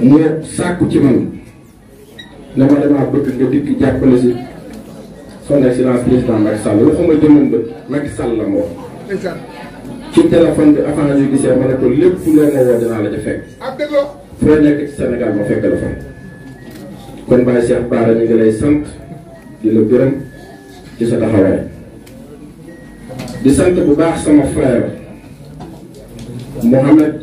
mu sàkku ci man ne ma damaa bëgg nga dikk jàppale si son excellence président Macky Sall waxuma jëmam bët Macky Sall la ma wax ci téléphone bi avant ñu gisee ma ne ko lépp nga ma woo dinaa la ca foo ah, nekk ci Sénégal ma fekk la fa kon Baye Cheikh Bara ñu ngi lay sant di la gërëm ci sa taxawaay di sant bu baax sama frère Mohamed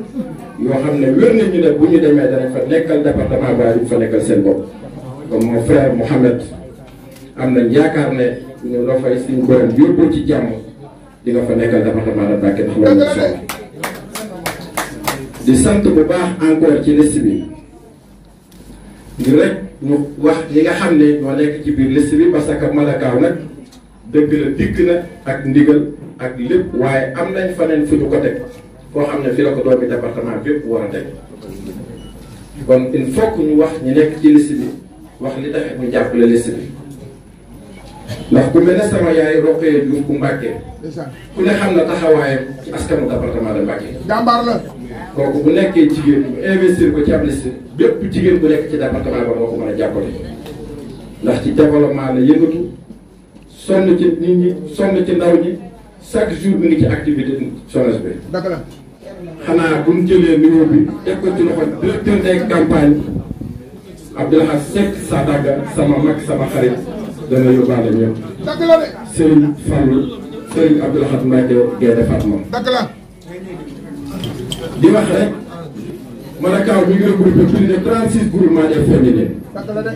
yoo xam ne wér nañu ne bu ñu demee danañ fa nekkal département ba ñu fa nekkal seen bopp comme mon frère Mouhamed am na yaakaar ne ñu la fay suñ borom yóbbu ci jàmm di nga fa nekkal département de Mbacké ndax loolu di sant bu baax encore ci liste bi ngir ñu wax li nga xam ne ñoo nekk ci biir liste bi parce que Malakaaw nag dëgg la dikk na ak ndigal ak lépp waaye am nañ faneen fu ñu ko teg koo am na fi la ko doomi département bépp war a teg kon il faut que wax ñu nekk ci liste wax li tax ñu jàppale liste bi ndax ku mel ne sama yaay Rokhaya Diouf ku Mbàkke ku ne xam na taxawaayam ci askanu département de Mbàkke jàmbaar la kooku bu nekkee jigéen ñu investir ko ci ab liste bépp jigéen bu nekk ci département ba moo ko mën a jàppale ndax ci développement la yëngatu sonn ci nit ñi sonn ci ndaw ñi chaque jour bi ngi ci activité jeunesse xanaa bu ñu jëlee niveau bi teg ko ci loxo directeur des campagnes Abdoulaye Seck sa dagga sama mag sama xarit dana yóbbaale ñëpp. dëgg la de. Serigne Fallou Serigne Abdoulaye Mbacke Guèye Fatma. dëgg la. di wax rek Madakaw mi ngi regroupé plus de 36 groupements de féminines. dëgg la de.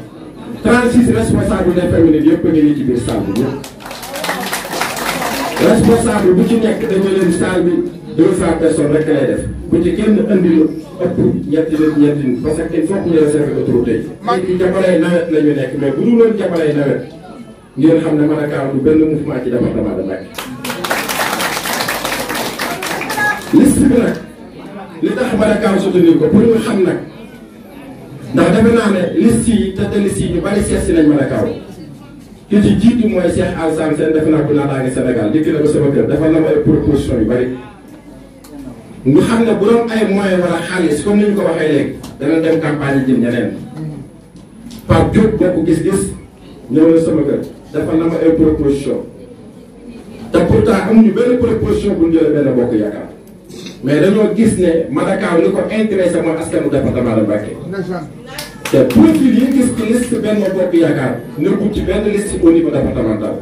36 responsables des féminines yëpp a ngi ci biir salle bi responsable bu ci nekk dañu leen saal bi deux cent personnes rek lay def bu ci kenn andi lu ëpp ñetti nit ñetti nit parce que il faut que ñu réserver autorité yi jàppalee nawet la nekk mais bu dul woon jàppalee nawet ngeen xam ne Madakaw du benn mouvement ci département de Mbacké liste bi nag li tax Madakaw soutenir ko ne liste yi te te liste yi ñu bari seet si nañ Madakaw ki ci jiitu mooy Cheikh Alassane Sène def naa ko naataange Sénégal dikk na ko sama kër defal na ma ay proposition yu bëri ñu xam ne bu doon ay moyens wala xaalis comme ni ñu ko waxee léegi dana dem campagne yi jëm ñeneen par jot bokk gis-gis ñëw na sama kër defal na ma ay proposition te pourtant amuñu benn proposition bu ñu jëlee benn bokk yaakaar mais dañoo gis ne Madakaw li ko intéressé mooy askanu département de Mbacké te profil yi gis ci liste Benno Bokk Yaakaar nekkul ci benn liste au niveau départemental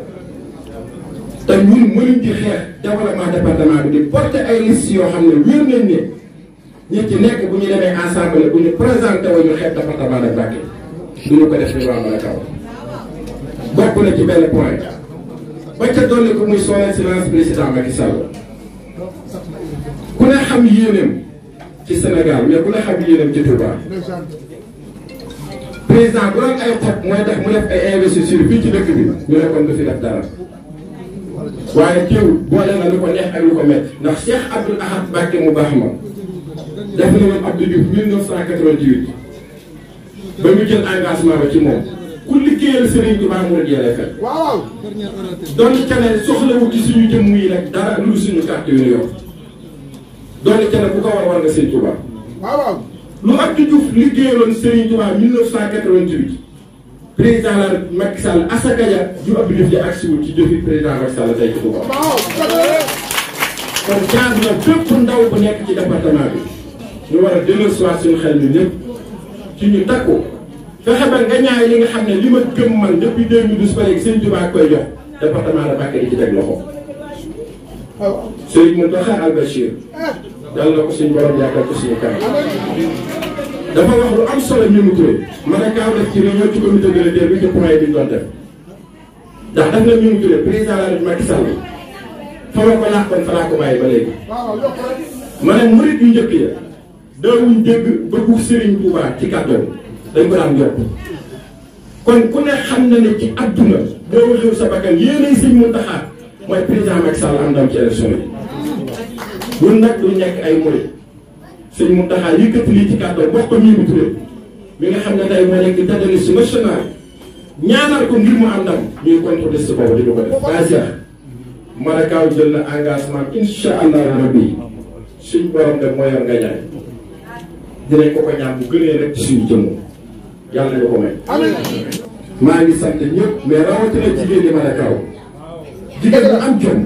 te mu mënuñ di xeex développement département bi di porter ay liste yoo xam ne wér nañ ni ñi ci nekk bu ñu demee ensemble bu ñu présenté wu ñu xeet département de Mbacké du ñu ko def bi waa Malakaw bokk na ci benn point ba ca dolli ko muy son excellence président Macky Sall ku ne xam yéeneem ci Sénégal mais ku ne xam yéeneem ci Touba président bu doon ay xob mooy def mu def ay investisseurs fii ci dëkk bi ñu ne kon du fi def dara waaye kiw boole na lu ko neex ak lu ko métti ndax Cheikh Abdoul Ahad Mbacké mu baax ma def na woon Abdou Diouf 1988 ba ñu jël engagement ba ci moom ku liggéeyal Serigne Touba mu la jëlee fekk. waaw keneen soxlawu ci suñu jëmm yi nag dara lu suñu carte yu ñu yor doon keneen bu ko war war nga Serigne Touba. lu Abdou Diouf liggéeyaloon Serigne Touba 1988 président la Macky Sall asaka ja ju Abdou Diouf di agsiwul ci jëfi président Macky Sall tey ci Touba. kon jaar na bépp ndaw bu nekk ci département bi ñu war a delloosiwaat suñu xel ñun ñëpp ci ñu takku fexe ba nga ñaay li nga xam ne li ma gëm man depuis 2012 ba léegi Serigne Touba ak koy jox département de Mbacké di ci teg loxo ah. Serigne Mountakha Al Bachir. Ah. yàlla na ko suñu borom yàggal ko suñu kanam dafa wax lu am solo ñu mu man a gaaw def ci réunion ci comité de l'éleveur bi ci point bi ñu doon def ndax daf na ñu mu turé président la bi Macky ba léegi ma ne murit yu njëkk ya daawuñ dégg bëggu Serigne Touba ci kàddoom dañ ko daan kon ku ne xam na ne ci adduna boo waxee sa bakkan yéenay sëñ Mountakha mooy président Macky Sall am ndam ci élection yi ñun nag duñ nekk ay murit sëñ Mountakha yëkkati lii ci kàddu wax ko Mimi Touré mi nga xam ne tey moo nekk tête de liste nationale ñaanal ko ngir mu am ndam ñuy contre liste boobu di ñu ko def. Basia Marakaw jël na engagement incha allah rabbi suñ borom de mooy yor nga ñaan dinañ ko ko ñaan bu gënee rek ci suñu jëmm yàlla ñu ko may. maa ngi sant ñëpp mais rawatina jigéen ñi Marakaw jigéen ñi am jom.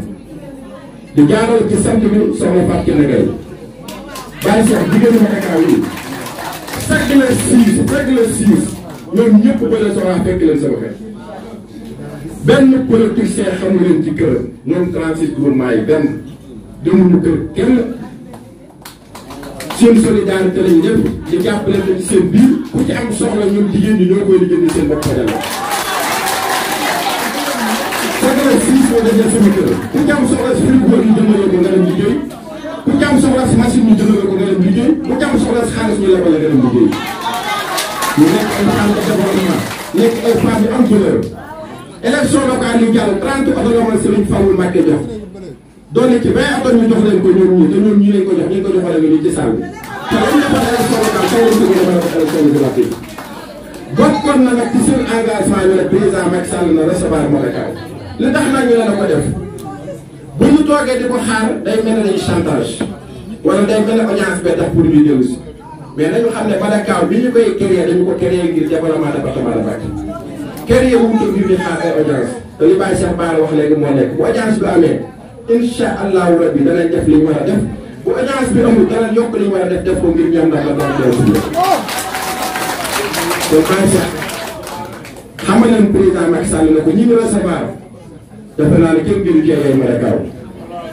di jaaral ci sant bi soxna Fatou Kiné Gaye bàyyi sax jigéenu Madakaw yi fekk leen siis fekk leen siis ñoom ñëpp ba leen soxlaa fekk leen sama xel benn politicien xamu leen ci kër ñoom 36 groupement yi benn demuñu kër kenn seen solidarité lañ ñëpp di jàppale leen ci seen biir ku ci am soxla ñoom jigéen ñi ñoo koy liggéey seen bopp la ko defee suñu kër ku ci am soxla si frigo ñu jëndaloo ko nga dem liggéey ku ci am soxla si machine ñu jëndaloo ko nga dem liggéey ku ci am soxla si xaalis ñu lebal la nga dem liggéey ñu nekk ay plan de développement nekk ay plan yu am valeur élection locale yu jàll 30 oto la woon Serigne Fallou Mbacké jox doon ci 20 oto ñu jox leen ko ñoom ñii te ñoom ñii lañ ko jox ñu ko joxale nga nii ci saal bi te lañ defal élection locale kaw lañ ko gën a mën a def élection législative bokkoon na nag ci seen engagement yi rek président Macky Sall na recevoir Modakaw li tax nag ñu leen ko def bu ñu toogee di ko xaar day mel na dañuy chantage wala day mel ne audience bee tax pour ñu dellu si mais nañu xam ne Madakaw bi ñu koy créé dañu ko créé ngir ko ngir ñu xaar ay audience te li Baye Cheikh Bara wax léegi moo nekk bu audience bi amee incha allahu rabbi danañ def li ñu war a def bu bi amul danañ yokk li ñu a def def ko ngir ñoom ndax la doon dellu si kon Baye Cheikh xam nga leen président Macky Sall ne ko ñi ñu defe naa ne kenn gënu jeexee Madakaw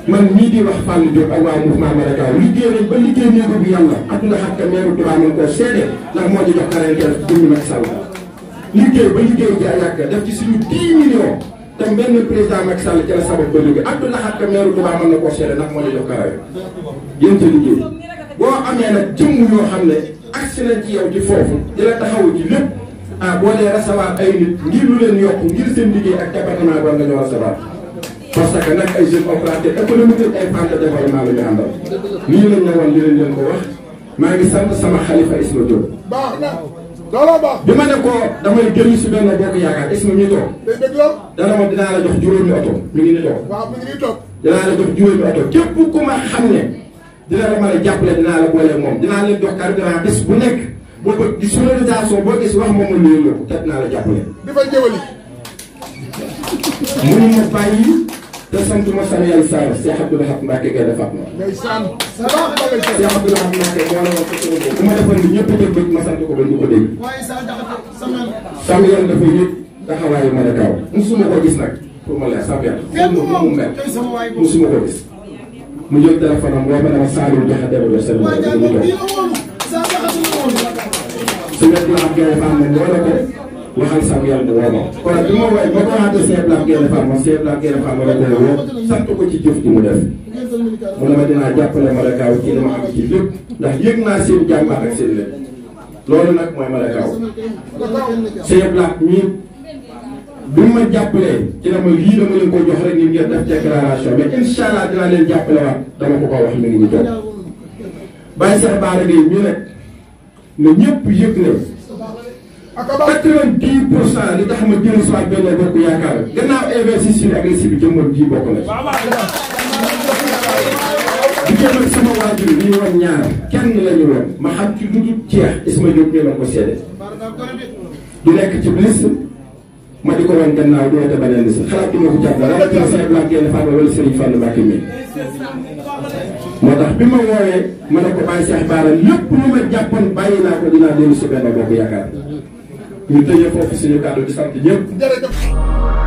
man ñii di wax Fallou Diop ak waa mouvement Madakaw liggéey nañ ba liggéey néegu bi yàlla ak nga xam que meeru Touba mën koo seede ndax moo ci jox quarantaine junni Macky Sall liggéey ba liggéey te benn président Macky Sall ca la sabab ba liggéey meeru Touba mën na koo seede ndax moo ci jox karawee yéen liggéey boo amee nag jëmm yoo xam ne agsi nañ ci yow ci foofu di la taxawu ci lépp ah boo dee recevoir ay nit ngir lu leen yokk ngir seen liggéey ak département war nga ñoo recevoir parce que nag ay jeunes opérateurs économiques ay plan de développement la ñu àndal. lii lañ ne li leen leen ko wax maa ngi sant sama xalifa Isma Diop. bi ma ne ko damay génn si benn bokk yaakaar Isma mi toog. dana ma dinaa la jox juróomi oto mi ngi ni toog. waaw la jox juróomi oto képp ku ma xam ne dina la mën a jàppale dinaa la boole moom dinaa leen jox bi bés bu nekk. bu ko di sonorisation boo gis wax moom la ñu ko kat naa la jàppale. dafay jëwali. mënu ma bàyyi te sant ma sama yàlla Sall Cheikh Abdou Lahad Mbacké Gaïndé Fatma. Cheikh Abdou Lahad Mbacké moo la wax ko sama bopp. bu ma defoon ni ñëpp a dégg ma sant ko ba ñu ko dégg. sama yoon dafa yëg taxawaayu ma ne kaaw musuma ko gis nag pour ma leer sama yàlla. mu mu mel musuma ko gis. mu jël téléphone am woo ma ne ma Saalum joxe dara ba seen su nekk la am génne femme moom woo ko waxal sam yàlla woo ko. kon nag bi ma woowee ba ko waxante Sèye Blac génne femme moom Sèye Blac génne femme la ko woo sant ko ci jëf ji mu def mu ne ma dinaa jàppale Madakaw ci li ma am ci lépp ndax yëg naa seen jàmbaar ak seen lépp loolu nag mooy Madakaw Sèye Blac ñii bi ma jàppalee ci dama lii dama leen ko jox rek ngir ngeen def déclaration mais incha allah dinaa leen jàppale waat dama ko ko wax mi ngi ñu jot. bàyyi Cheikh Bara Gueye ñu nag ne ñëpp yëg ne quatre-vingt-dix pour cent ma jël si waat benn bokk yaakaar gannaaw investisseur agressif bi jëmmal ji bokk na ci. di ak waajur li ñu woon ñaar kenn la ñu ma xam ci dudut jeex Isma Diop ñu la seede di nekk ci liste ma di ko wan gannaaw di woote beneen liste xalaat bi ma ko jàpp dara rawatina Sénégal ak yenn Fane moo tax bi ma woowee ma ne ko bàyyi Cheikh Bara lépp lu ma jàppoon bàyyi naa ko dinaa dellu si benn bokk yaakaar ñu tëjee foofu suñu kàddu di sant ñëpp.